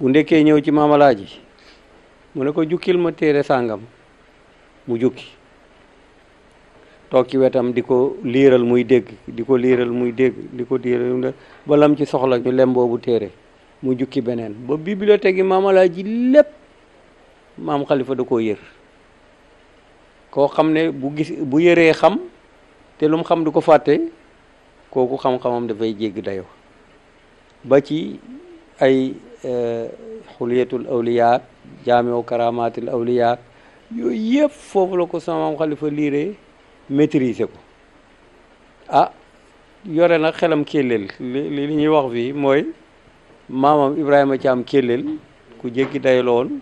bu ndekkee ñëw ci maamalaaji mu ne ko jukkil ma téere sàngam mu jukki toog ci wetam di ko liiral muy dégg di ko liiral muy dégg di ko liiral ba lam ci soxla ñu lem boobu téere mu jukki beneen ba bibliothèque yi maamalaaji lépp maam xalifa da ko yër koo xam ne bu gis bu yëree xam te lum xam du ko fàtte kooku xam-xamam dafay jégg dayo ba ci ay xuliyatul awliya jaameo karamatul awliya yooyu yëpp foofu la ko sama maam xalifa liiree maîtriser ko ah yore na xelam kélleel li li ñuy wax fii mooy maamam Ibrahima Thiam kélleel ku jéggi day lool woon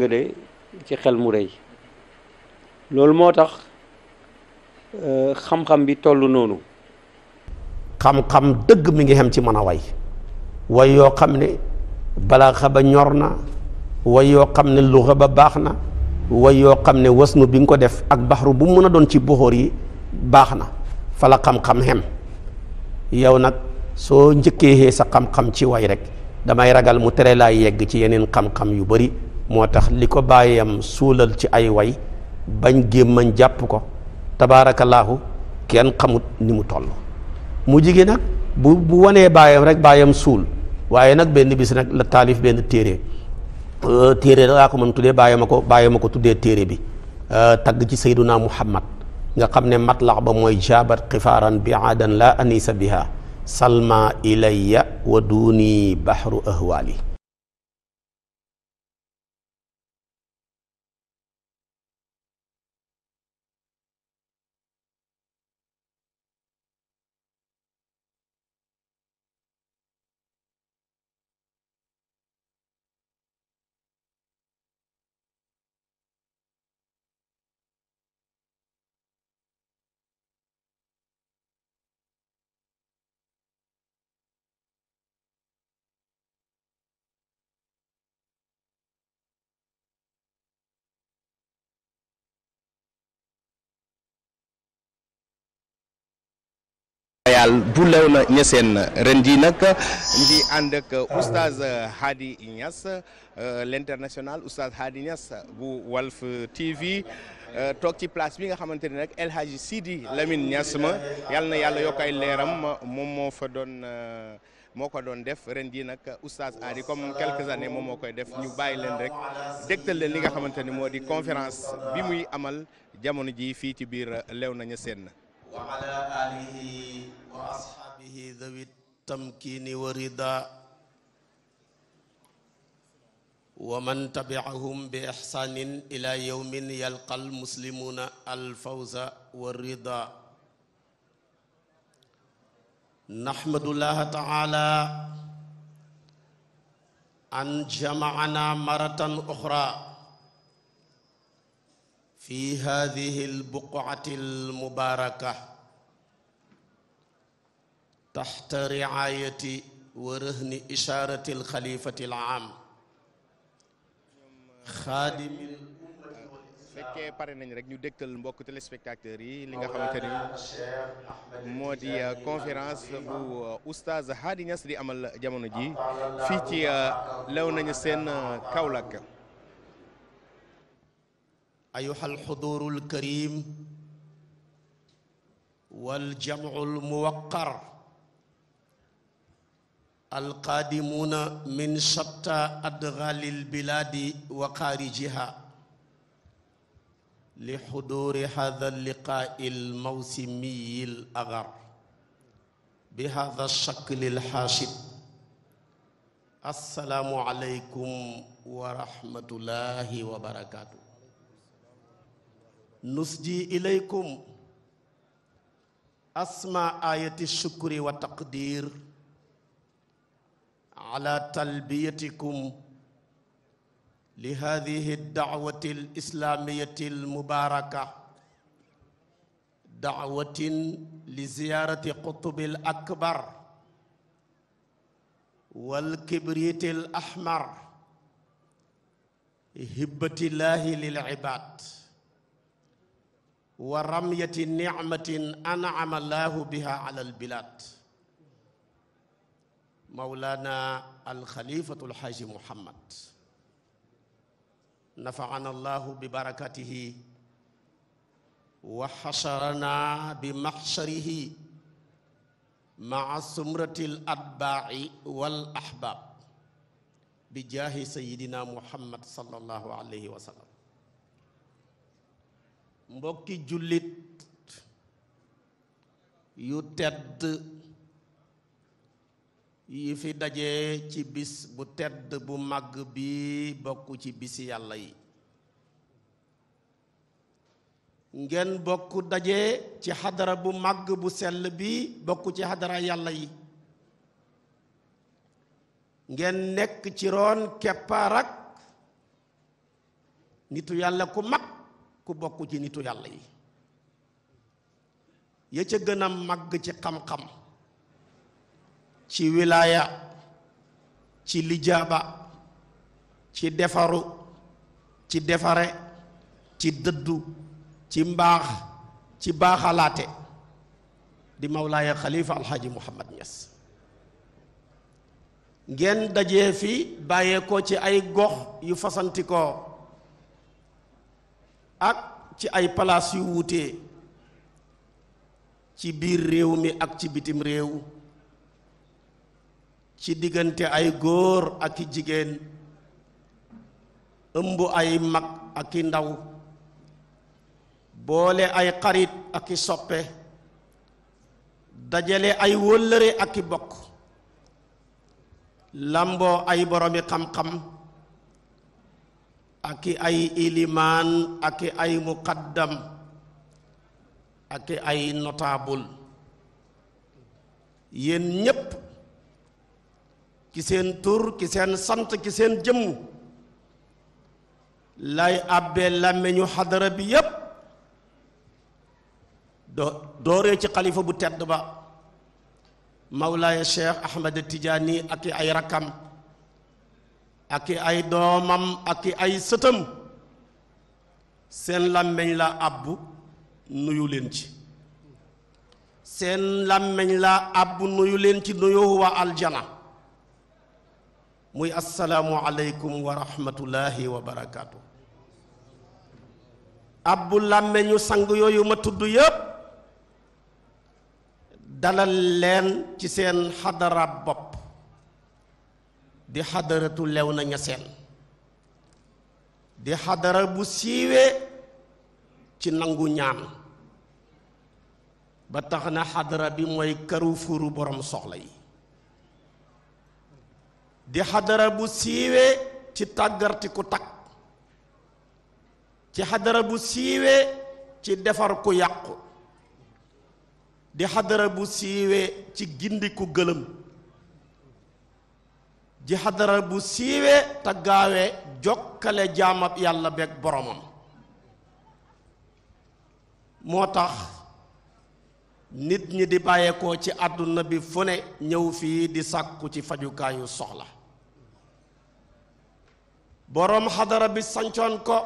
de ci xel mu rey loolu moo tax euh, xam-xam bi toll noonu xam-xam dëgg mi ngi xem ci mën a way way yoo xam ne balaaxa ba ñor na way yoo xam ne luxa ba baax na way yoo xam ne wasnu bi nga ko def ak baxru bu mu mën a doon ci boxóor yi baax na fala xam-xam xem yow nag soo njëkkeexee sa xam-xam ci way rek damay ragal mu tere laa yegg ci yeneen xam-xam yu bari moo tax li ko bàyyam suulal ci ay way bañ gémmañ jàpp ko tabaarakallaahu kenn xamut ni mu toll mu jigéen nag bu bu wanee baayam rek baayam suul waaye nag benn bis nag la taalif benn téere euh, téere laa ko mën tuddee baayam a ko baayam a ko tuddee téere bi euh, tagg ci sayduna muhammad nga xam ne matlax ba mooy jabat xifaaran bi aadan la anisa biha salma ilayya wa duuni bahru ahwaali daal bu lew na ñeseen ren jii nag ngi ànd ak euh, oustaz euh, Hady Niass euh, l'international oustaz Hady Niass bu Walf TV toog ci place bi nga xamante ni nag El Hadji Sidi Lamine Niass ma yàlla na yàlla yokk ay leeram moom moo fa doon moo ko doon def ren jii nag oustaz Hady comme quelques années moom moo koy def ñu bàyyi leen rek dégtal leen li nga xamante ni moo di conférence bi muy amal jamono ji fii ci biir lew Niassène wa wa ashaabihi dhawi tamkini wa rida wa man tabi'ahum bi ihsanin ila yawmin yalqal muslimuna al fawza wa rida nahmadullaha ta'ala an jama'ana maratan ukhra fi hadhihi al buq'ati al mubarakah taxta riayati wa rëhni ishaarati alxalifati alaam xaadimil ummati nañ rek ñu dégtal mbokk téléspectateurs yi li nga xamante ni moo di euh, conférence bu euh, oustaz Hady Niass di amal jamono ji fii ci euh, lew nañu seen Kaolack ayuha alxuduru alkarim wal jamu alqaadimuuna min shatta adgalil bilaadi wa xaarijiha li xuduuri hada alliqaai almawsimiyi al agar bi hada alshakli alxaashib assalaamu aleykum wa rahmatullahi wa barakaatu nusji ilaykum asma ayati shukri wa taqdir على تلبيتكم لهذه الدعوة الإسلامية المباركة دعوة لزيارة قطب الأكبر والكبريت الأحمر هبة الله للعباد ورمية نعمة أنعم الله بها على البلاد مولانا الخليفة الحاج محمد نفعنا الله ببركته وحشرنا بمحشره مع سمرة الأتباع والأحباب بجاه سيدنا محمد صلى الله عليه وسلم mbokki jullit yu tedd yi fi daje ci bis bu tedd bu màgg bi bokk ci bisi yàlla yi ngeen bokk daje ci xadara bu màgg bu sell bi bokku ci xadara yàlla yi ngeen nekk ci roon keppaarak nitu yàlla ku mag ku bokk ci nitu yàlla yi ya ca gën a màgg ci xam-xam ci wilaaya ci lijaaba ci defaru ci defare ci dëddu ci mbaax ci baaxalaate di mawlaaya xalifa alxaaji muhammad ñas ngeen dajee fi bàyyeekoo ci ay gox yu fasantikoo ak ci ay palaas yu wuute ci biir réew mi ak ci bitim réew ci diggante ay góor ak i jigéen ëmb ay mag ak i ndaw boole ay xarit ak i soppe dajale ay wëllëre ak i bokk lamboo ay boromi xam-xam ak i ay ilimaan ak i ay muqaddam ak i ay notaabul yéen ñépp ki seen tur ci seen sant ci seen jëmm lay àbbee làmmiñu xadara bi yépp do dooree ci xalifa bu tedd ba mawlaaya cheikh ahmed tijaani ak i ay rakkam ak i ay doomam ak ay sëtam seen làmmiñ la àbbu nuyu leen ci seen làmmiñ la àbbu nuyu leen ci nuyu waa aljana muy assalaamu aleykum wa rahmatullahi wa barakaatu abbu làmmeñu sang yooyu ma tudd yépp dalal leen ci seen xadara bopp di xadaratu lew na ñaseen di xadara bu siiwee ci nangu ñaan ba tax na xadara bi mooy fuuru borom soxla yi di xadara bu siiwee ci tàggarti ku takk ci xadara bu siiwee ci defar ku yàqu di xadara bu siiwee ci gindi ku gëlëm di xadara bu siiwee te jokkale jaamab yàlla beeg boromam moo tax nit ñi di bàyyeekoo ci àdduna bi fu ne ñëw fii di sàkku ci fajukaayu soxla boroom xadara bi sancoon ko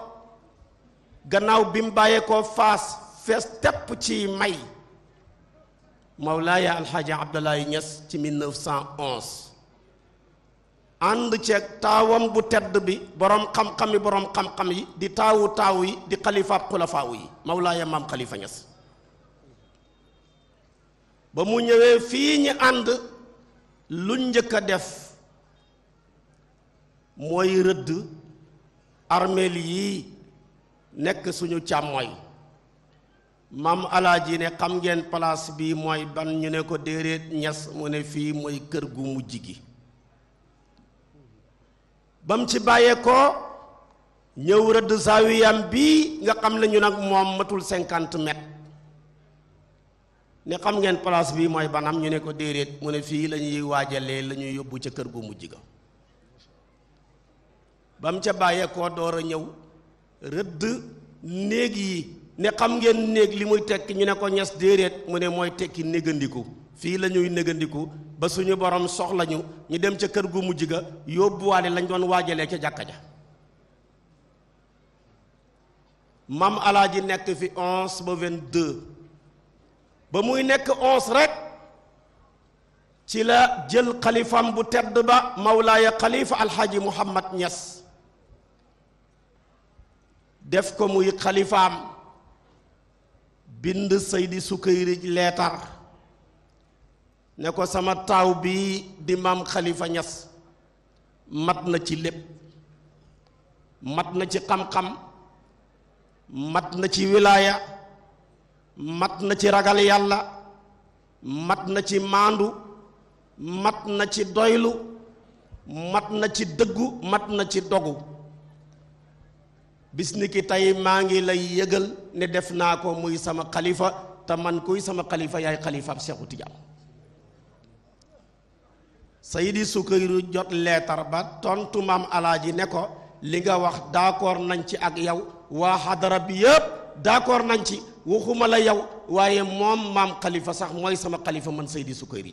gannaaw bi mu bàyyee koo faas fees tepp ci may mawlaaya alxaaji abdullahi ñas ci 1911 ànd ceeg taawam bu tedd bi boroom xam-xam yi boroom xam-xam yi di taawu taaw yi di xalifaab xulafaaw yi mawlaaya maam xalifa ñas ba mu ñëwee fii ñi ànd lu njëkk a def mooy rëdd armeel yii nekk suñu càmmooy maam alaaji ne xam ngeen place bi mooy ban ñu ne ko déedéet ñes mu ne fii mooy kër gu mujj gi ba mu ci bàyyeekoo ñëw rëdd zaawiyam bi nga xam nañu nag moom matul cinquante mètres ne xam ngeen place bii mooy banam ñu ne ko déedéet mu ne fii la ñuy waajalee la ñuy yóbbu ca kër gu mujj ga ba mu ca bàyyeekoo door a ñëw rëdd néeg yi ne xam ngeen néeg li muy tekki ñu ne ko ñes déeréet mu ne mooy tekki négandiku fii la ñuy négandiku ba suñu borom soxla ñu ñu dem ca kër gu mujj ga yóbbuwaale lañ doon waajalee ca jàkka ja mam alaaji nekk fi onze ba vint deux ba muy nekk onze rek ci la jël xalifam bu tedd ba mawlaaya xalifa alxaaji muhammad ñes def ko muy xalifaam bind Seydi Sukayrij leetar ne ko sama taaw bi di maam Khalifa Niass mat na ci lépp mat na ci xam-xam mat na ci wilaaya mat na ci ragal yàlla mat na ci maandu mat na ci doylu mat na ci dëggu mat na ci dogu bis tey maa ngi lay yëgal ne def naa ko muy sama xalifa te man kuy sama xalifa yaay xalifaab Seexu Tijaan Sayidi Sukayru jot leetar ba tontu maam yi ne ko li nga wax d'accord nañ ci ak yow waa xadara bi yëpp d'accord nañ ci waxuma la yow waaye moom maam xalifa sax mooy sama xalifa man Sayidi Sukayru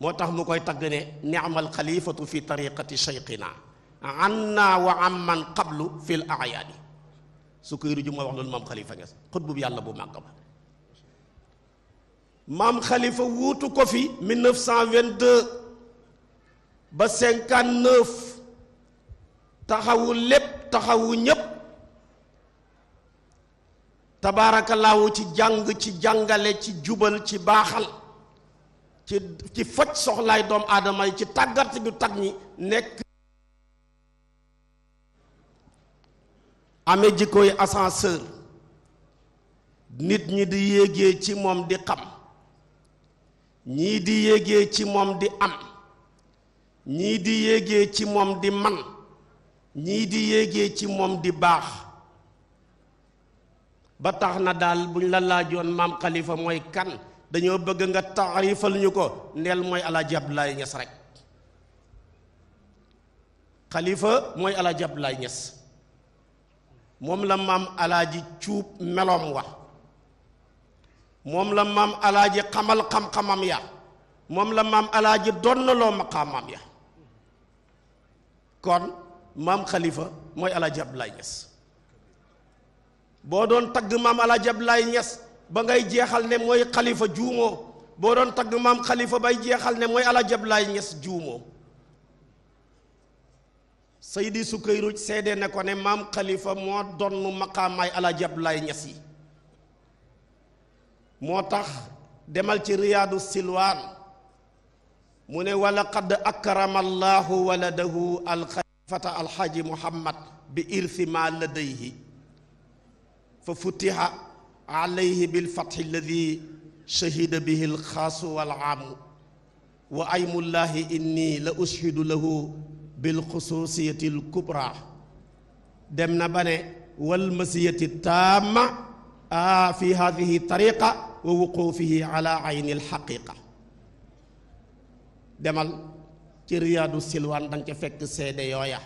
moo tax mu koy tagg ne ni'mal xalifatu fi tariqati cheyqina anna wa amman qablu fil ayaadi Sukayru ju moo wax loolu maam Khalifa Niass xutbu bu yàlla bu màgg ba maam Khalifa ko fi 1922 ba 59 taxawu lépp taxawu ñépp tabaarakallaahu ci jàng ci jàngale ci jubal ci baaxal ci ci faj soxlaay doomu aadama yi ci tàggat bi tag ñi nekk amee jikkooy ascenseur nit ñi di yéegee ci moom di xam ñii di yéegee ci moom di am ñii di yéegee ci moom di man ñii di yéegee ci moom di baax ba tax na daal buñ la laajoon maam Khalifa mooy kan dañoo bëgg nga taarifal ñu ko ndeel mooy Alaaji Abdoulaye Ñas rek Khalifa mooy Alaaji Abdoulaye Ñas moom la maam alaaji cuub meloom wa moom la maam alaaji xamal xam-xamam ya moom la maam alaaji donnaloo maqaamam ya kon maam xalifa mooy alaaji Abdoulaye Niass boo doon tagg maam alaaji Abdoulaye Niass ba ngay jeexal ne mooy xalifa juumoo boo doon tagg maam xalifa bay jeexal ne mooy alaaji Abdoulaye Niass juumoo Seydi Sukayruj seede na ko ne maam Khalifa moo donnu maqaamaay Alaaji Abdoulaye Niass yi moo tax demal ci Riyaadu Silwaan mu ne wala qad akrama allahu waladahu alxaaji muhammad bi irthi ma ladayhi fa futiha alayhi bilfatxi alladi shahida bihi alxaasu walaamu wa aymullahi inni la ushidu lahu bil xusuusiyatil kubra dem na ba ne wal masiyati taama a fi hadihi tariqa wa wuqufihi ala ayni alxaqiqa demal ci riyaadu silwaan danga ca fekk seede yooya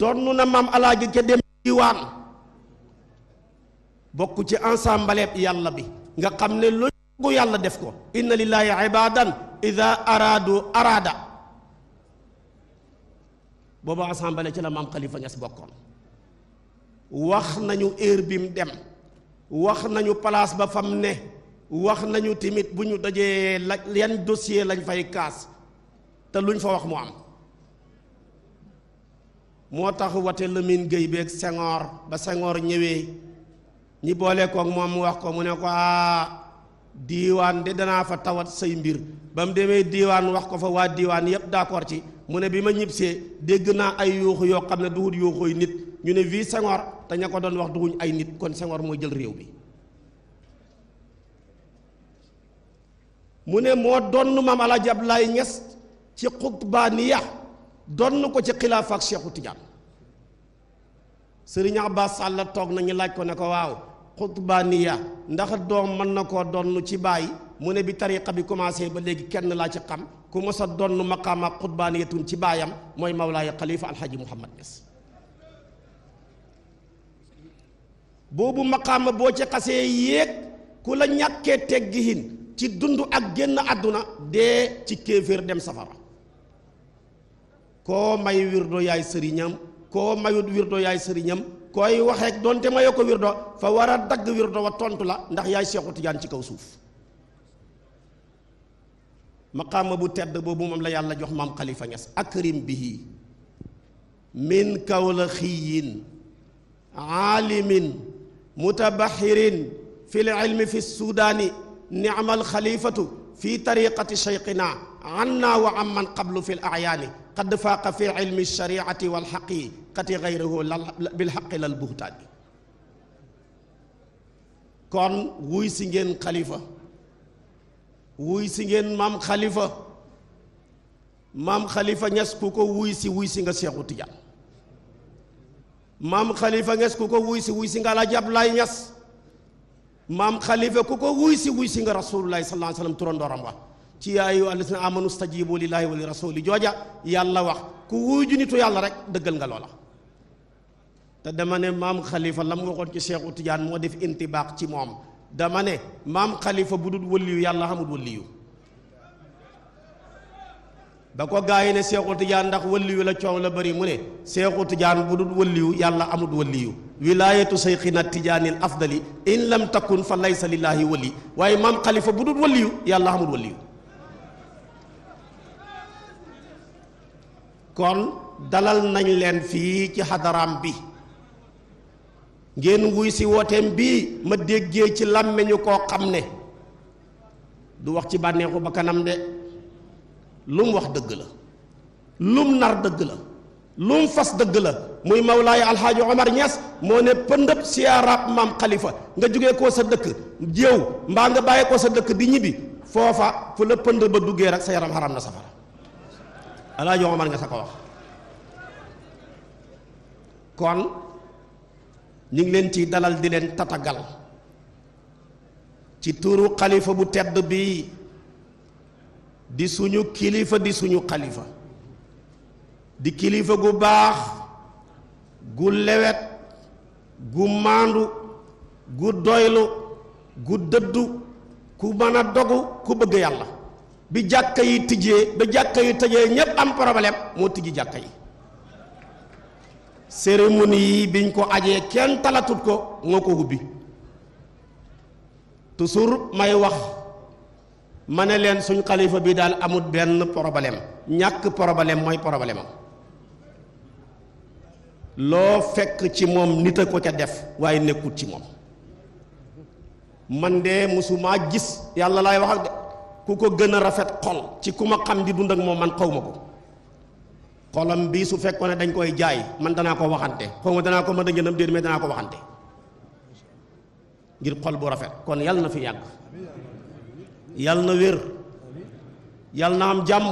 donn na maam alaaji ca dem diwaan bokk ci ensemble yàlla bi nga xam ne lu yàlla def ko inna lillahi ibadan araadu araada booba assemblée ci la maam Khalifa Niass bokkoon wax nañu heure bi mu dem wax nañu place ba fam ne wax nañu tamit bu ñu dajee la yan dossier lañ fay kaas te luñ fa wax mu am moo tax wate Lamine Gueye beeg Senghor ba Senghor ñëwee ñi boole koog moom mu wax ko mu ne ko ah diiwaan de danaa fa tawat say mbir ba mu demee diiwaan wax ko fa waa diiwaan yëpp d'accord ci mu ne bi ma ñibbisee dégg naa ay yuuxu yoo xam ne duhut yuuxuy nit ñu ne wii Senghor te ko doon wax duhuñ ay nit kon Senghor mooy jël réew bi mu ne moo donn maam El Hadj Abdoulaye Niass ci xutbaaniya donn ko ci xilaafa ak Cheikhu Tidiane Serigne Abbas toog nañu laaj ko ne ko waaw xutbaaniya ndax doom mën na koo donn ci baay mu ne bi tariqa bi commencé ba léegi kenn laa ci xam ku mos a donn maqaama xutbaaniyatun ci baayam mooy mawlaaya xalifa alxaji muhammad Niass boobu maqaama boo ci xasee yéeg ku la ñàkkee teggihin ci dund ak génn àdduna dee ci kéeféer dem safara koo may wirdo yaay sëriñam koo mayut wirdo yaay sëriñam koy waxeek donte mayoo ko wirdo fa war a dagg wirdo wa tontu la ndax yaay seexu tijaan ci kaw suuf maqaama bu tedd boobu moom la yàlla jox maam xalifa ñas akrim bihi min kawlaxiyin aalimin mutabaxirin fi lilmi fi sudaani niamal xalifatu fi tariqati cheyqina anna wa amman qablu fi l qad faaqa fi ilmi shariati wal xaqiqati gayrahu bil xaqi lal buxtaani kon wuy si ngeen xalifa wuy si ngeen maam xalifa maam xalifa ñes ku ko wuy si wuy si nga seexu tijaan maam xalifa ñes ku ko wuy si wuy si nga alaaji Ablaay turandooram wa ci yaa ayyuhal lazina amanu stajibu lillahi wa li rasuli jooja yàlla wax ku wuuju nitu yàlla rek dëggal nga loola te dama ne maam xalifa la mu ci Cheikhu tijaan moo def intibaax ci moom dama ne maam xalifa bu dul wëliyu yàlla xamul wëliyu yi ne Cheikhu Tidiane ndax wëliyu la coow la bëri mu ne Cheikhu Tidiane bu dul wëliyu yàlla amul wëliyu wilaayatu sayxina tijaanil afdali in lam takun fa laysa lillaahi wali waaye maam xalifa bu dul wëliyu yàlla xamul wëliyu kon dalal nañ leen fii ci xadaraam bi ngeen wuy si wooteem bi ma déggee ci làmmeñu koo xam ne du wax ci bànneexu ba kanam de lum wax dëgg la lum nar dëgg la lum fas dëgg la muy mawlaay alxaaji omar ñas moo ne pëndëb siyaaraab maam xalifa nga jóge koo sa dëkk jéew mbaa nga bàyyi koo sa dëkk bi ñibbi foofa fu la pënd ba duggee rek sa yaram xaram na safara alaaji man nga sa ko wax kon ñu ngi leen ci dalal di leen tatagal ci tuuru xalifa bu tedd bi di suñu kilifa di suñu xalifa di kilifa gu baax gu lewet gu maandu gu doylu gu dëddu ku mën dogu ku bëgg yàlla bi jàkka yi tijjee ba jàkka yi tëjee ñépp am problème moo tijji jàkka yi cérémonie yi biñ ko ajee kenn talatut ko moo ko ubbi toujours may wax ma ne leen suñ xalifa bi daal amul benn problème ñàkk problème mooy problème loo fekk ci moom nit a ko ca def waaye nekkut ci moom man de musumaa gis yàlla laay wax de ku ko gën a rafet xol ci ku ma xam di dund ak moom man xaw ma ko xolam bi su fekkoon ne dañ koy jaay man danaa ko waxante xaw ma danaa ko mën a jëndam déet mais danaa ko waxante ngir xol bu rafet kon yal na fi yàgg yal na wér yal na am jàmm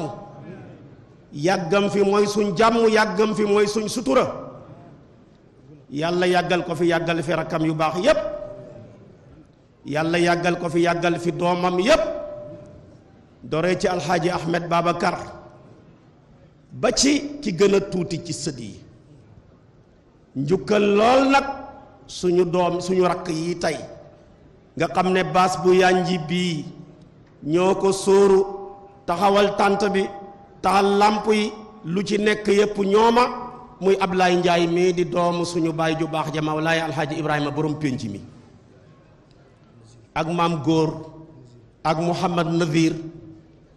yàggam fi mooy suñ jàmm yàggam fi mooy suñ sutura yàlla yàggal ko fi yàggal fi rakkam yu baax yépp yàlla yàggal ko fi yàggal fi doomam yépp doree ci alxaaji ahmed babacar ba ci ki gën a tuuti ci sët yi njukkal lool nag suñu doom suñu rakk yi tey nga xam ne baas bu yànji bii ñoo ko sóoru taxawal tànt bi taxal làmp yi lu ci nekk yépp ñooma muy ab Ablaay Njaay mii di doomu suñu baay ju baax ja Mawlaay alxaaji ibrahima borom pénc mi ak maam góor ak Muhammad Nazir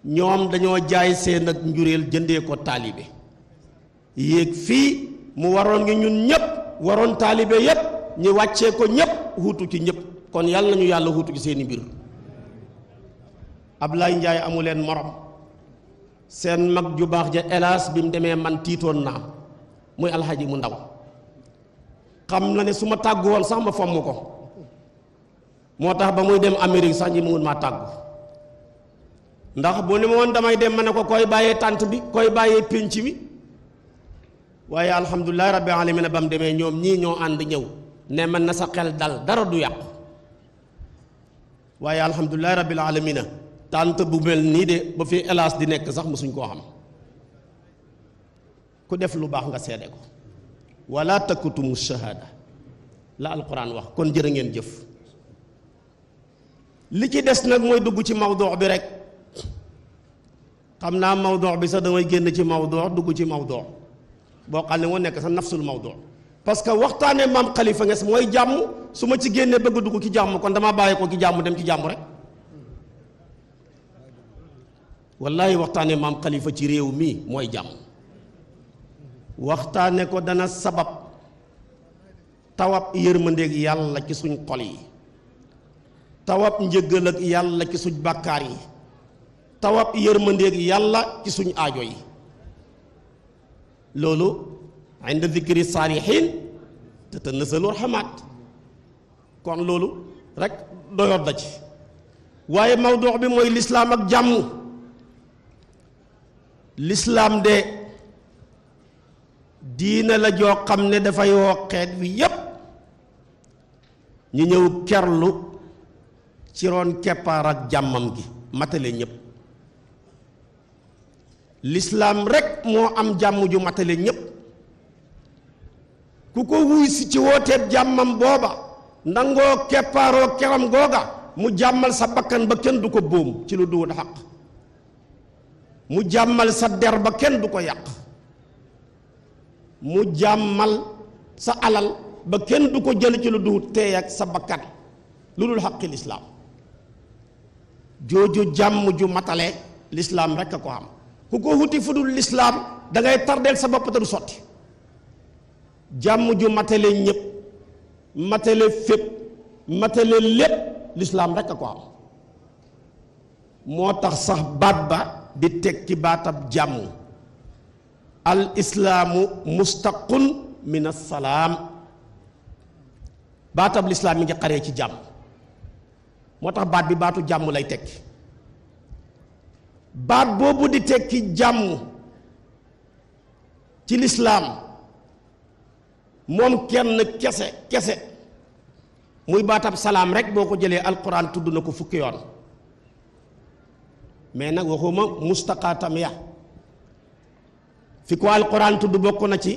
ñoom dañoo jaay seen ak njureel jëndee ko taalibe yéeg fii mu waroon ngi ñun ñëpp waroon taalibe yëpp ñu wàccee ko ñëpp huutu ci ñëpp kon yàlla nañu yàlla huutu ci seeni mbir lay Njaay amu leen morom seen mag ju baax ja hélas bi mu demee man tiitoon naa muy alxaji mu ndaw xam na ne su ma tàggu woon sax ma fomm ko moo tax ba muy dem Amérique sax ñi mu ngi maa tàggu ndax bu ni ma damay dem ma ne ko koy bàyyee tànt bi koy bàyyee pénc mi waaye alhamdulilahi rabbil alamin ba mu demee ñoom ñii ñoo ànd ñëw ne mën na sa xel dal dara du yàqu waaye alhamdulilahi rabbil alamin tànt bu mel nii de ba fi hélas di nekk sax mësuñ koo xam ku def lu baax nga seede ko wala takutumu shahada la alquran wax kon jërë ngeen jëf li ci des nag mooy dugg ci mawduu bi rek xam naa mawdoox bi sax damay génn ci mawdoox dugg ci mawdoox boo xam ne moo nekk sa nafsul mawdoox parce que waxtaanee maam Khalifa Niass mooy jàmm su ma ci génnee bëgg dugg ci jàmm kon dama bàyyi ko ci jàmm dem ci jàmm rek wallahi waxtaane maam Khalifa ci réew mi mooy jàmm waxtaane ko dana sabab tawab yërmandeeg yàlla ci suñ xol yi tawab njëggal ak yàlla ci suñ bàkkaar yi tawab yërmandeeg yàlla ci suñu ajo yi loolu inda zikri saalihin te te nasalu rahmat kon loolu rekk doyoot ci waaye mawdoox bi mooy lislaam ak jàmm lislaam de diina la joo xam ne dafay woo wi yépp ñu ñëw kerlu ci roon keppaar ak jàmmam gi matale ñépp lislaam rekk moo am jàmm ju matale ñépp ku ko wuy ci wooteeb jàmmam booba nangoo keppaaroo keram googa mu jàmmal sa bakkan ba kenn du ko bóom ci lu duwut xaq mu jàmmal sa der ba kenn du ko yàq mu jàmmal sa alal ba kenn du ko jël ci lu duwut teey ak sa bakkan lu dul xaqi lislaam jooju jàmm ju matale lislaam rekk a ko am ku ko wuti fu dul lislaam dangay ngay tardeel sa bopp te du sotti jàmm ju matale ñëpp matale fépp matale lépp lislaam rekk a ko am moo tax sax baat ba di tekki baatab jàmm al islaamu mustaqun min salaam baatab lislaam mi ngi xaree ci jàmm moo tax baat bi baatu jàmm lay tekki baat boobu di tekki jàmm ci lislaam moom kenn kese kese muy baatab salaam rek boo ko jëlee alquran tudd na ko fukki yoon mais nag waxuma mustaqaatam ya fi ko alquran tudd bokk na ci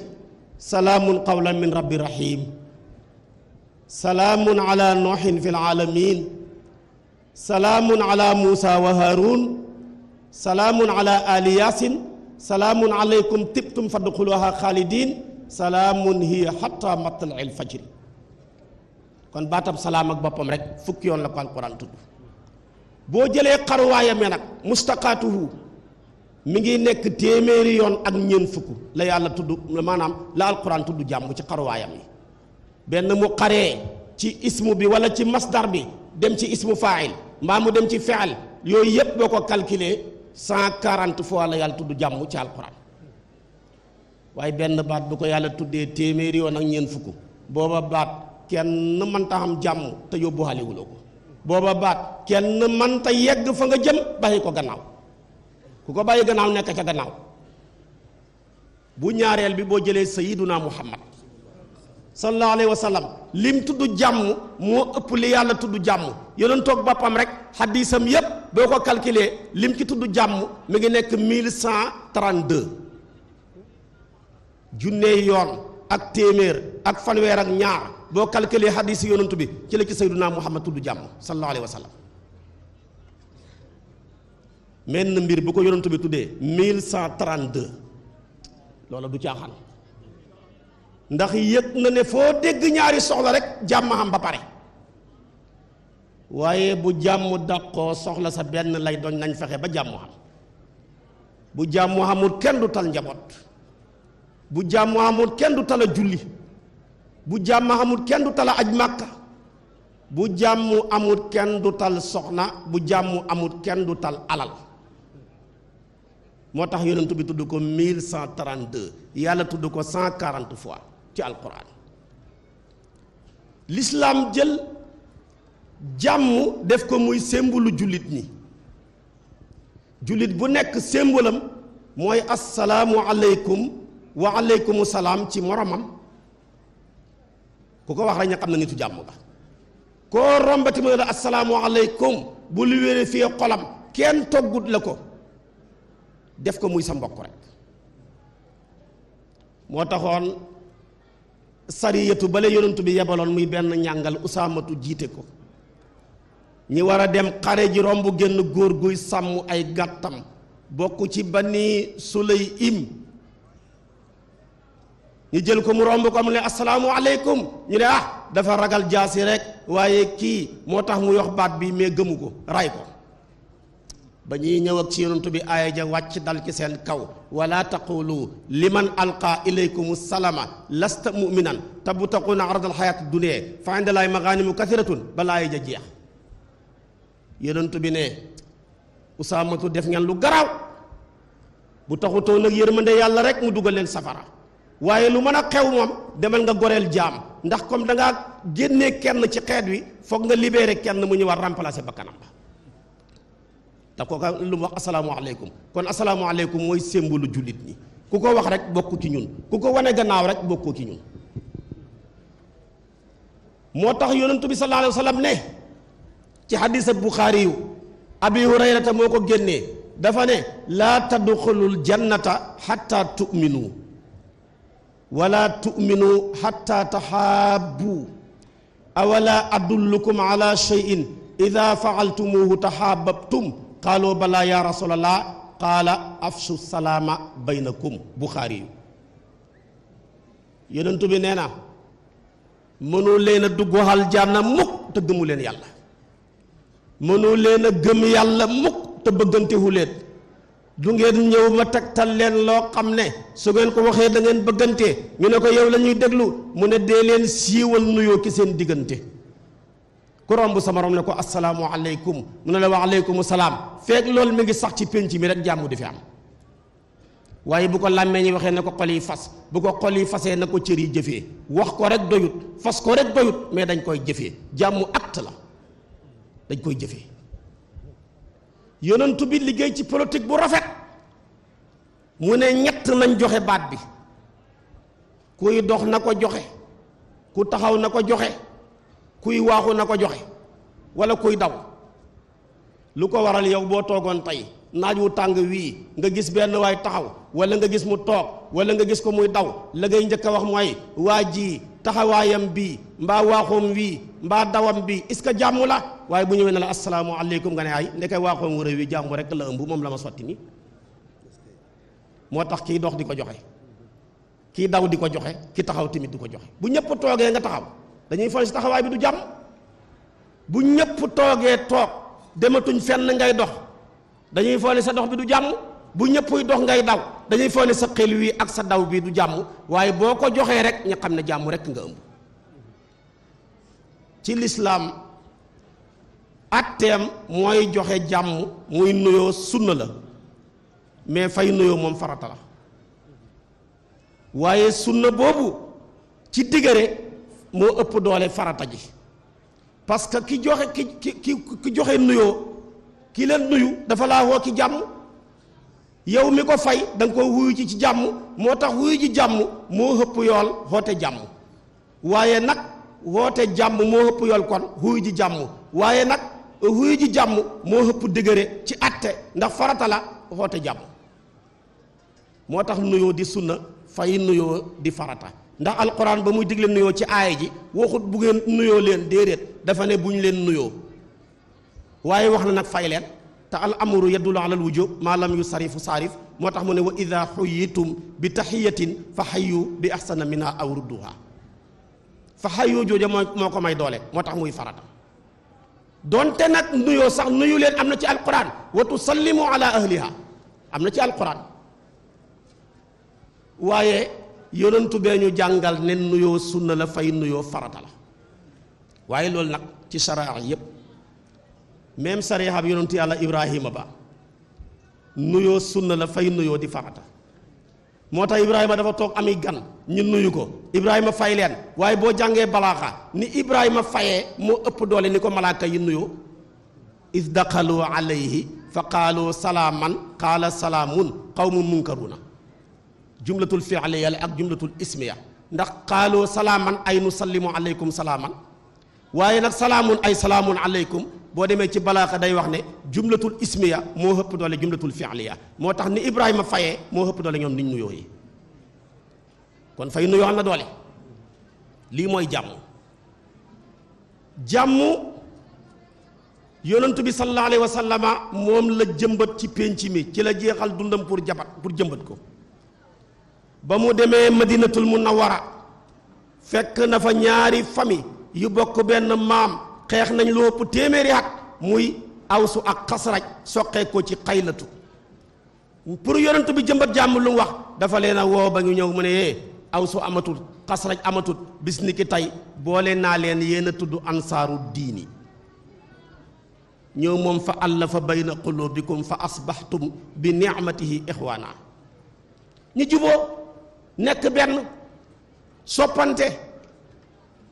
salaamun qawlan min rabbi rahim salaamun ala nooxin fi l alamin salaamun ala muusa wa haarun salaamun ala ali yaasin salaamun aleykum tibtum fadxuluha xaalidin salaamun hiya xata matla'il fajri kon baatam salaam ak boppam rek fukki yoon la ko alquran tudd boo jëlee xaruwaayam ya nag mustaqaatuhu mi ngi nekk téeméeri yoon ak ñeent fukk la yàlla tudd maanaam la alquran tudd jàmm ci xaruwaayam yi benn mu xaree ci ismu bi wala ci masdar bi dem ci ismu faa'il mbaa mu dem ci fi'l yooyu yépp boo ko calculer cent quarante fois la yàlla tudd jàmm ci alquran waaye benn baat bu ko yàlla tuddee téeméeri yoon ak ñeent fukk booba baat kenn mënta am jàmm te yóbbu xalewuloo ko booba baat kenn manta yegg fa nga jëm bàyyi ko gannaaw ku ko bàyyi gannaaw nekk ca gannaaw bu ñaareel bi boo jëlee sayiduna muhammad sallallahu alayhi wa sallam lim tudd jàmm moo ëpp li yàlla tudd jàmm yonentoog boppam rek xaddiisam yépp boo ko calculer lim ci tudd jàmm mi ngi nekk mille cent trente-deux junney yoon ak téeméer ak fanweer ak ñaar boo calculer xaddiis yonent bi ci la ci sayyiduna Muhammad tudd jàmm sallallahu alayhi wa sallam menn mbir bu ko yonent bi tuddee mille cent trente-deux loolu du caaxaan ndax yëg nga ne foo dégg ñaari soxla rek jàmm am ba pare waaye bu jàmm dàqoo soxla sa benn lay doñ nañ fexe ba jàmm am bu jàmm amul kenn du tal njaboot bu jàmm amul kenn du tala julli bu jàmm amul kenn du tala aj màkka bu jàmm amul kenn du tal soxna bu jàmm amul kenn du tal alal moo tax yonent bi tudd ko 1132 yàlla tudd ko 140 fois ci alquran lislaam jël jàmm def ko muy sémbulu jullit ni jullit bu nekk sémbulam mooy assalaamu aleykum wa aleykumu salaam ci moromam ku ko wax rek nga xam ne nitu jàmm nga koo rombati mu ne la assalaamu aleykum bu lu wéree xolam kenn toggut la ko def ko muy sa mbokk rek moo taxoon sariyatu bale yonantu bi yebaloon muy benn ñàngal usamatu jiite ko ñi war a dem xare ji romb génn góor guy sàmm ay gàttam bokk ci bani sulay im ñu jël ko mu romb ko mu ne asalaamu aleykum ñu ne ah dafa ragal jaasi rekk waaye kii moo tax mu yox baat bi mais gëmu ko ray ko ba ñuy ñëw ci yonantu bi aaya ja wàcc dal ci seen kaw wala taqulu liman alqa ilaykum salama lasta muminan tabtaquuna arada alxayaati dunia fa indalaay maganimu kathiratun ba laaya ja jeex yonantu bi ne def ngeen lu garaaw bu taxutoo nag yërmande yàlla rek mu dugal leen safara waaye lu mën a xew moom demal nga goreel jaam ndax comme da ngaa kenn ci xeet wi foog nga libéré kenn mu ñëwaat remplacer ba kanam ba ndax kooka lu mu wax asalaamaaleykum kon asalaamaaleykum mooy sémbalu jullit ñi ku ko wax rek bokk ci ñun ku ko wane gannaaw rek bokk ci ñun moo tax yonentu bi sallallahu ne ci xadis ab buxaari yu abi hurayrata moo ko génnee dafa ne laa tadxulul jannata xatta tuminu wala tuminu xatta taxaabu awala adullukum ala cheyin ida faaltumuhu taxaababtum qaalu balaa yaa rasulallah qaala afshu salaama baynakum buxaari yu yonentu bi nee na mënu leen a dugg aljanna mukk te gëmu leen yàlla mënu leen a gëm yàlla mukk te bëggantewu leen du ngeen ñëw ma tegtal leen loo xam ne su ngeen ko waxee da ngeen bëggante ñu ne ko yow la ñuy déglu mu ne dee leen siiwal nuyoo ki seen diggante ku romb sa morom ne ko asalaamu aleykum mu ne la wa aleykum salaam feeg lool mi ngi sax ci pénc mi rek jàmm di fi am waaye bu ko làmmee ñi waxee na ko xol yi fas bu ko xol yi fasee na ko cër yi jëfee wax ko rek doyut fas ko rek doyut mais dañ koy jëfee jàmm acte la dañ koy jëfee yonentu bi liggéey ci politique bu rafet mu ne ñett nañ joxe baat bi kuy dox na ko joxe ku taxaw na ko joxe kuy waaxu na ko joxe wala kuy daw lu ko waral yow boo toogoon tey naaj wu tàng wii nga gis benn waay taxaw wala nga gis mu toog wala nga gis ko muy daw la ngay njëkk a wax mooy waa ji taxawaayam bii mbaa waaxoom wii mbaa dawam bii est-ce que jàmm la waaye bu ñëwee na la asalaamaaleykum nga ne ay ndeke waaxoom wërëw wi jàmm rek la ëmb moom la ma sotti ni moo tax kiy dox di ko joxe kiy daw di ko joxe ki taxaw tamit di ko joxe bu ñëpp toogee nga taxaw. dañuy fol si taxawaay bi du jàmm bu ñëpp toogee toog dematuñ fenn ngay dox dañuy foog ne sa dox bi du jàmm bu ñëppuy dox ngay daw dañuy foog ne sa xel wi ak sa daw bi du jàmm waaye boo ko joxee rek ñu xam ne jàmm rek nga ëmb ci lislaam atteem mooy joxe jàmm muy nuyoo sunna la mais fay nuyoo moom farata la waaye sunna boobu ci digëre moo ëpp doole farata ji parce que ki joxe ki ki ki joxe nuyoo kii la nuyu dafa laa woo ki jàmm yow mi ko fay danga nga ko wuyu ci ci jàmm moo tax wuyu ji jàmm moo ëpp yool woote jàmm waaye nag woote jàmm moo ëpp yool kon wuyu ji jàmm waaye nag wuyu ji jàmm moo ëpp dëgëre ci àtte ndax farata la woote jàmm moo tax nuyoo di sunna fay nuyoo di farata ndax alquran ba muy digle nuyoo ci aaya ji waxut bu ngeen nuyoo leen déedéet dafa ne buñ leen nuyoo waaye wax na nag fay leen te al amru yadullu ala al wujub maa lam yu sarifu sarif moo tax mu ne wa ida xuyitum bi taxiyatin fa xayu bi ahsana minha aw rudduha fa xayu jooja moo moo ko may doole moo tax muy farata doonte nag nuyoo sax nuyu leen am na ci alquran wa tusallimu ala am na ci alquran waaye yonantu bee ñu jàngal ne nuyoo sunna la fay nuyoo farata la waaye loolu nag ci saraa yépp même sariha bi yonantu yàlla ibrahima ba nuyoo sunna la fay nuyoo di farata moo tax ibrahima dafa toog ami gan ñu nuyu ko ibrahima fay leen waaye boo jàngee balaaxa ni ibrahima fayee moo ëpp doole ni ko malaaka yi nuyoo is daqalu alayhi fa qaalu salaaman qaala salaamun qawmun munkaruna jumlatul fi'liya la ak jumlatul ismiya ndax xaaloo salaaman ay nu sallimu aleykum salaaman waaye nag salaamun ay salaamun aleykum boo demee ci balaaxa day wax ne jumlatul ismiya moo hëpp doole jumlatul fi'liya moo tax ni Ibrahima fayee moo hëpp doole ñoom niñ nuyoo yi kon fay nuyoo am na doole lii mooy jàmm jàmm yonantu bi sallallahu alayhi wa sallama moom la jëmbat ci pénc mi ci la jeexal dundam pour jabat pour jëmbat ko ba mu demee madinatul munawara fekk na fa ñaari famille yu bokk benn maam xeex nañ lu ëpp téeméeri at muy awsu ak xasraj soqee ci xaylatu pour yonent bi jëmbat jàmm lu mu wax dafa leen a woo ba ñu ñëw mu ne yee eh, awsu amatul xasraj amatul bis ni ki tey boole naa leen yéen tudd ansaaru diini ñëw moom fa allafa bayna qulubikum fa asbaxtum bi nicmatihi ixwaana ñi juboo nekk benn soppante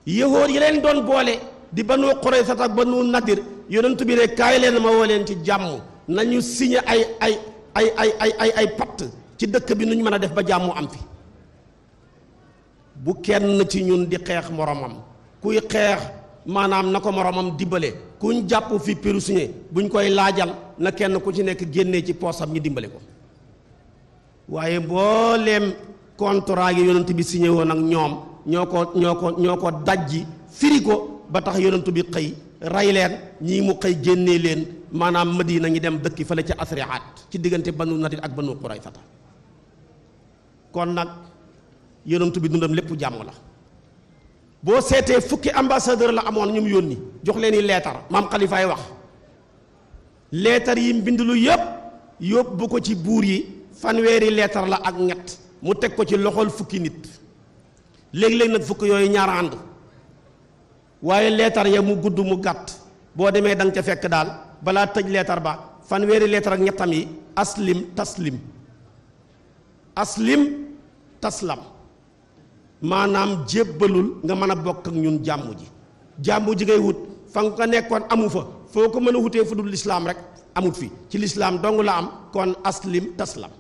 yëhóor yi leen doon boole di banu Qurayza ak banu Nadir yonent bi ne kaay leen ma woo leen ci jàmm nañu si ay ay ay ay ay ay ay patt ci dëkk bi nu ñu mën a def ba jàmmu am fi bu kenn ci ñun di xeex moromam kuy xeex maanaam na ko moromam dimbale kuñ jàpp fi prisonnier buñ koy laajal na kenn ku ci nekk génnee ci poosam ñi dimbale ko waaye mbooleem contrat yi yonent bi signé woon ak ñoom ñoo ko ñoo ko ñoo ko dajji firi ba tax yonent bi xëy rey leen ñii mu xëy génnee leen maanaam Madina ñi dem dëkki fële ca asriaat ci diggante banu nadir ak ba banu qurayfata kon nag yonent bi dundam lépp jàmm la boo seetee fukki ambassadeur la amoon ñum yónni jox leen i leetar maam xalifaay wax leetar yi mbind lu yépp yóbbu ko ci buur yi fanweeri leetar la ak ñett mu teg ko ci loxool fukki nit léeg-léeg nag fukk yooyu ñaar ànd waaye leetar ya mu gudd mu gàtt boo demee da nga ca fekk daal balaa tëj leetar ba fanweeri leetar ak ñettam yi aslim taslim aslim taslam maanaam jébbalul nga mën a bokk ak ñun jàmm ji jàmm ji ngay wut fa nga nekkoon amu fa foo ko mën a wutee fu dul lislaam rek amut fi ci lislaam dong la am kon aslim taslam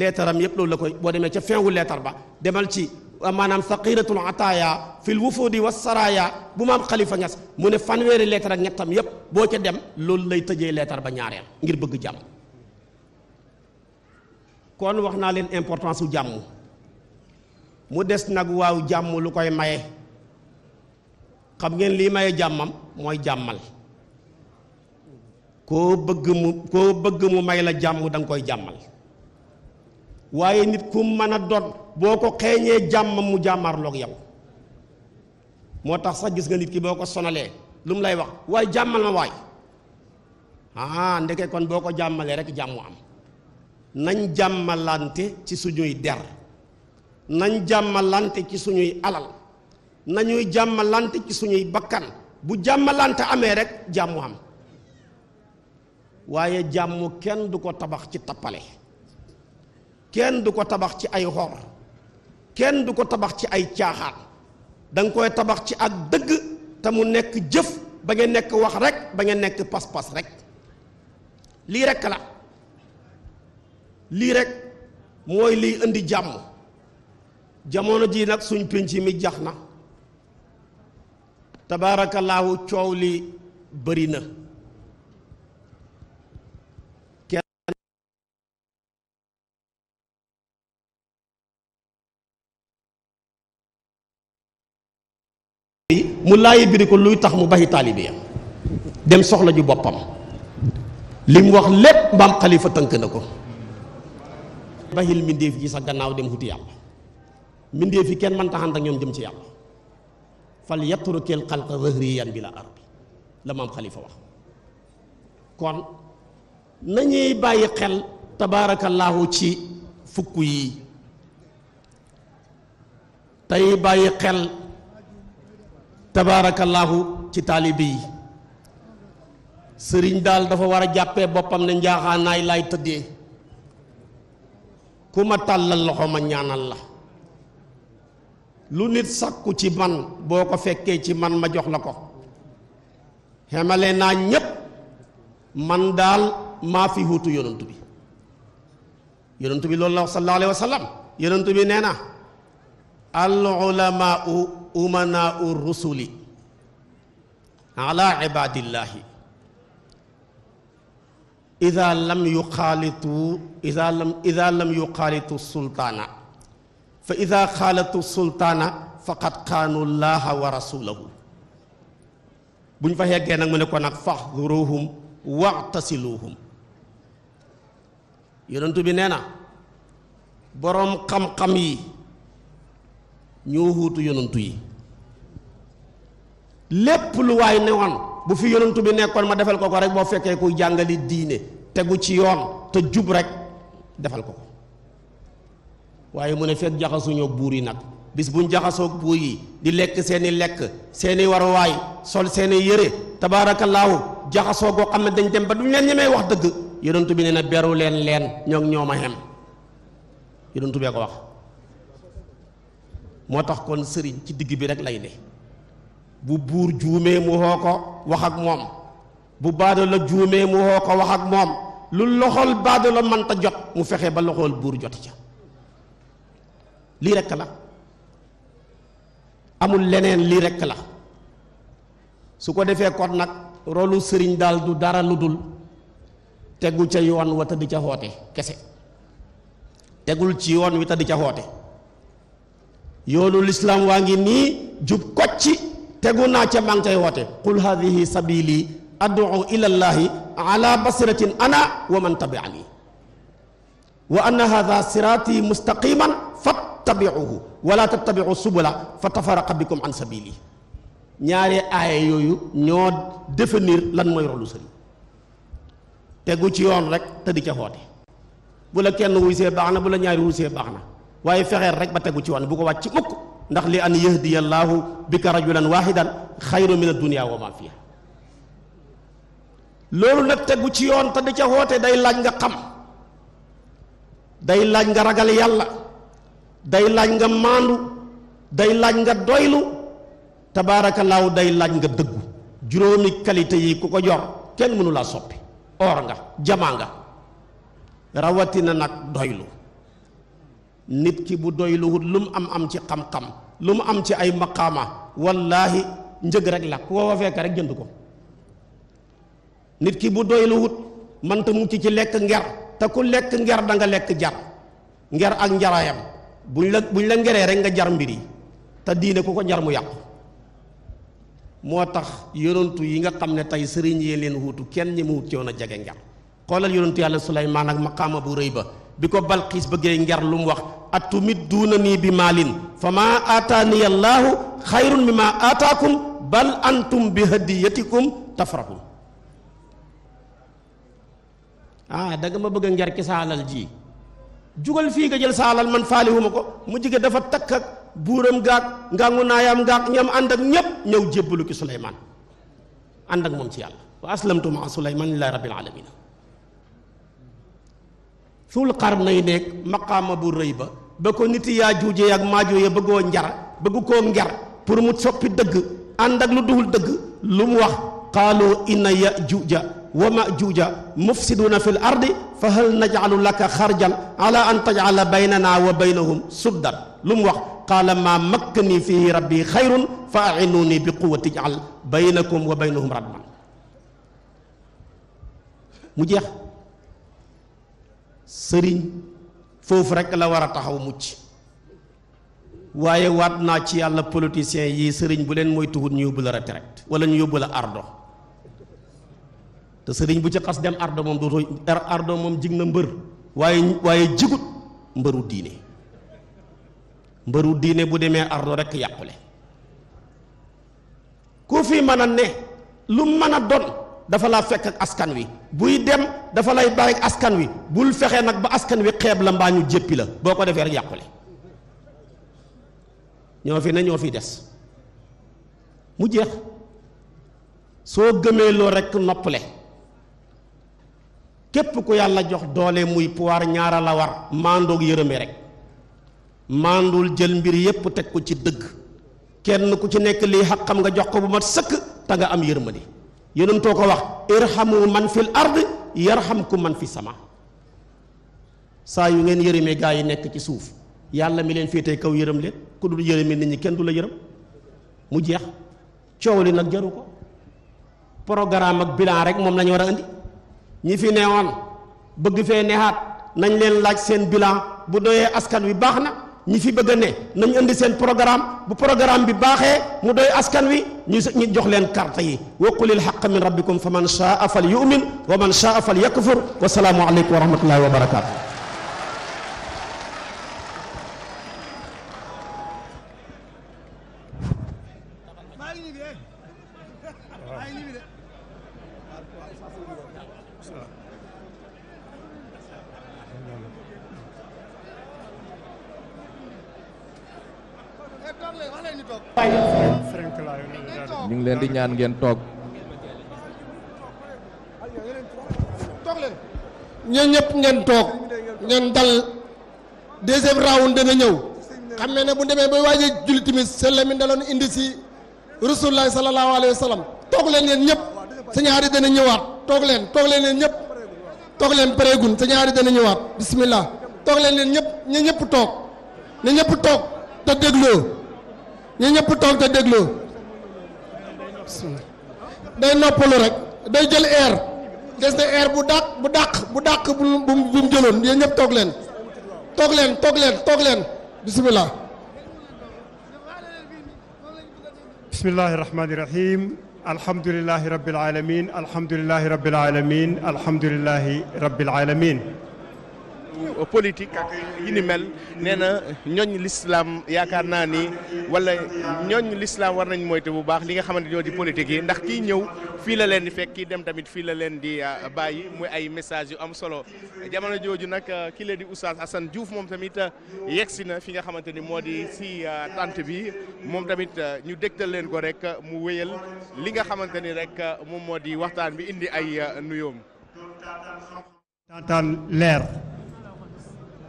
leetaram yëpp loolu la koy boo demee ca fin wu leetar ba demal ci euh, maanaam saqiratul ataaya fil wufudi wa saraya bu maam xalifa ñas mu ne fanweeri leetar ak ñettam yëpp boo ca dem loolu lay tëjee leetar ba ñaareel ngir bëgg jàmm kon wax naa leen importance su jàmmu mu des nag waaw jàmm lu koy maye xam ngeen lii maye jàmmam mooy jàmmal koo bëgg mu koo bëgg mu may la jàmm danga koy jàmmal waaye nit ku mën a doon boo ko xeeñee jàmm mu jàmmarloog yow moo tax sax gis nga nit ki boo ko sonalee lu mu lay wax waaye jàmmal ma waay ah kon boo ko jàmmalee rek jàmmu am nañ jàmmalante ci suñuy nañ jàmmalante ci suñuy alal nañuy jàmmalante ci suñuy bakkan bu jàmmalante amee rek jàmmu am waaye jàmmu kenn du ko tabax ci tappale kenn du ko tabax ci ay xor kenn du ko tabax ci ay caaxaan danga koy tabax ci ak dëgg te mu nekk jëf ba nga nekk wax rekk ba nga nekk pas-pas rekk lii rekk la lii rekk mooy liy indi jàmm jamono ji nag suñ pénc mi jax na tabaarakallaahu coow li bari na mu laayi biri ko luy tax mu baxi taalibiya dem soxla ju boppam li wax lépp mbaam xalifa tënk na ko baxil mbindéef yi sa gannaaw dem xuti yàlla mbindéef yi kenn mënta ànd ak ñoom jëm ci yàlla fal yatrukil xalqa zahriyan bila arbi la maam xalifa wax kon nañuy bàyyi xel tabaarakallaahu ci fukk yi tey bàyyi xel tabaarakallaahu ci taalibe yi sëriñ daal dafa war a jàppee boppam ne njaaxaanaay laay tëddee ku ma tàllal loxo ma ñaanal la lu nit sàkku ci man boo ko fekkee ci man ma jox la ko xemale naa ñépp man daal maa fi huutu yonent bi yonent bi loolu la wax sallallahu alayhi wa bi nee na al ulamaau umanaau rusuli ala ibadillahi ida lam yuxaalitu ida lam ida lam yuxaalitu sultaana fa ida xaalatu sultaana faqad xaanu llaaha wa rasulahu bu ñu fa yeggee nag mu ne ko nag faxduruhum waxtasiluhum yonentu bi nee na boroom xam-xam yi ñoo xuutu yonantu yi lépp lu waay ne woon bu fi yonantu bi nekkoon ma defal ko ko rek boo fekkee kuy jàngali diine tegu ci yoon te jub rek defal ko ko waaye mu ne fekk jaxasuñoo buur yi nag bis buñ jaxasoog buur yi di lekk seeni lekk seeni waruwaay sol seeni yére tabaarakallaahu jaxasoo goo xam ne dañ dem ba duñ leen ñemee wax dëgg yonantu bi ne na beru leen leen ñoo ngi ñoom a xem yonantu bee ko wax moo tax kon sëriñ ci digg bi rek lay ne bu buur juumee mu woo ko wax ak moom bu baado la juumee woo ko wax ak moom lu loxol baado la mënta jot mu fexe ba loxol buur joti ca lii rekk la amul leneen lii rekk la su ko defee kon nag rolu sëriñ daal du dara lu dul tegu ca yoon wa tëdd ca xoote kese tegul ci yoon wi di ca xoote yoonu lislaam waa ngi nii jub kocci tegu naa ca maa ngi cay woote qul hadihi sabili ad'u ila llahi ala basiratin ana wa man tabi'ani wa anna hadha sirati mustaqiman fattabi'uhu wala tattabi'u subula fa tafaraqa bikum an sabili ñaari aaya yooyu ñoo définir lan mooy rolu sëriñ tegu ci yoon rek te di ca xoote bu la kenn wuy see baax na bu la ñaari wuy baax na waaye fexeel rek ba tegu ci wan bu ko wàcc mukk ndax li an yahdiya llaahu bika rajulan waahidan xayru min ad-dunya wa ma fiha loolu nag tegu ci yoon te da ca woote day laaj nga xam day laaj nga ragal yàlla day laaj nga maandu day laaj nga doylu tabaarakallaahu day laaj nga dëggu juróomi qualité yi ku ko jor kenn mënu soppi or nga jamaa nga rawatina nag doylu nit ki bu doyluwut lu mu am am ci xam-xam lu mu am ci ay maqaama wallaahi njëg rek la ku ko fekk rek jënd ko nit ki bu doyluwut mënta mucc ci ci lekk nger te ku lekk nger da nga lekk jar nger ak njaraayam buñ la buñ la ngeree rek nga jar mbir yi te diine ku ko jar mu yàqu moo tax yonantu yi nga xam ne tey sëriñ yee leen wuutu kenn ñi mu ci woon a jege nger xoolal yonantu yàlla Suleymaan ak maqaama bu rëy ba bi ko balxiis bëggee nger lu mu wax atumidduuna nii bi maalin fa maa aataaniya allaahu xayrun mi maa aataakum bal antum bi hadiyatikum tafrahun ah da ma bëgg a nger ki sa alal ji jugal fii nga jël sa alal man faaliwuma ko mu jige dafa takk ak buuram gaag ngangu naayaam gaag ñam ànd ak ñépp ñëw jébbalu ki suleymaan ànd ak moom ci yàlla wa aslamtu maa suleymaan lillaahi rabbil aalamiin suul xar nay nekk maqaama bu rëy ba ba ko nit yaa juuje ak maajo ya bëggoo njar bëgg koo njar pour mu soppi dëgg ànd ak lu duhul dëgg lu mu wax qaaloo inna ya juuja wa ma juuja mufsiduuna fi l ardi fa hal najcalu laka xarjan ala an tajcala baynana wa baynahum suddan lu mu wax qaala maa makkani fihi rabbi xayrun fa acinuuni bi quwati jcal baynakum wa baynahum radman mu jeex sëriñ foofu rekk la war a taxaw mucc waaye waat naa ci yàlla politiciens yii sëriñ bu leen mooy tuxut ñu yóbbu la retraite wala ñu yóbbu la ardo te sëriñ bu ci xas dem ardo moom dootoo er, ardo moom jig na mbër waaye waaye jigut mbëru diine mbëru diine bu demee ardo rekk yàqule ku fi mën a ne lu mën a doon dafa la fekk ak askan wi buy dem dafa lay bàyyi ak askan wi bul fexe nag ba askan wi xeeb la mbaa ñu jéppi la boo ko defee rek yàqule ñoo fi ne ñoo fi des mu jeex soo gëmee loo rek noppale képp ku yàlla jox doole muy pouvoir ñaara la war maandoog yërëme rek maandul jël mbir yépp teg ko ci dëgg kenn ku ci nekk lii xam nga jox ko bu mat sëkk te nga am yërmande yonentoo ko wax irhamu man fil ard yarhamkum man fi sama saa yu ngeen yërëmee gaa yi nekk ci suuf yàlla mi leen féete kaw yërëm leen ku dul yërëmee nit ñi kenn du la yërëm mu jeex coow li nag jaru ko programme ak bilan rek moom la war a indi ñi fi neewoon bëgg fee neexaat nañ leen laaj seen bilan bu doyee askan wi baax na ñi fi bëgg a ne nañ indi seen programme bu programme bi baaxee mu doy askan wi ñu ñu jox leen carte yi wa qulil haqq min rabbikum fa man shaa fal yu'min wa man shaa fal yakfur wa salaamu aleykum wa rahmatullahi wa barakaatu ñu ngi leen di ñaan ngeen toog. ñooñu ñëpp ngeen toog ngeen dal deuxième round dana ñëw xam ne bu demee ba waaj a julli timis seen lamin daloon indi si rasulullah sallallahu alayhi wa sallam toog leen yéen ñëpp sa ñaari dana ñëwaat toog leen toog leen yéen ñëpp toog leen pareegun sa ñaari dana ñëwaat bismillah toog leen yéen ñëpp ña ñëpp toog na ñëpp toog te dégloo. ñi ñëpp toog te déglu day noppalu rek day jël air des na air bu dàq bu dàq bu dàq bu jëloon yéen ñëpp toog leen toog leen toog leen toog leen bisimilah. bismillahi irrahmani irrahim alhamdulilahi rabbil alamin alhamdulilahi rabbil alamin alhamdulilahi rabbil alamin Euh, politique ak yi ni nee na ñooñ lislaam yaakaar naa ni wala ñooñ lislaam war nañ moytu bu baax li nga xamante ñoo di politique yi ndax kii ñëw fii la leen di fekk kii dem tamit fii la leen di euh, bàyyi muy ay message yu am solo jamono jooju nag euh, kii la di Oustaz Assane Diouf moom tamit yegsi na fi nga xamante ni moo di si tante bi moom tamit ñu dégtal leen ko rek mu wéyal li nga xamante ni rek moom moo di waxtaan bi indi ay nuyoom. tantaan leer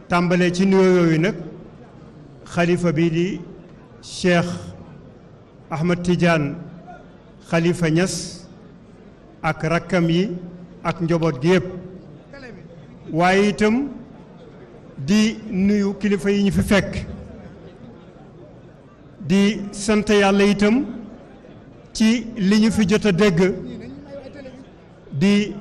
tàmbalee ci nuyoo yooyu nag xalifa bi di cheikh Ahmad Tidiane xalifa ñas ak rakkam yi ak njaboot gi yëpp waaye itam di nuyu kilifa yi ñu fi fekk di sant yàlla itam ci li ñu fi jot a dégg di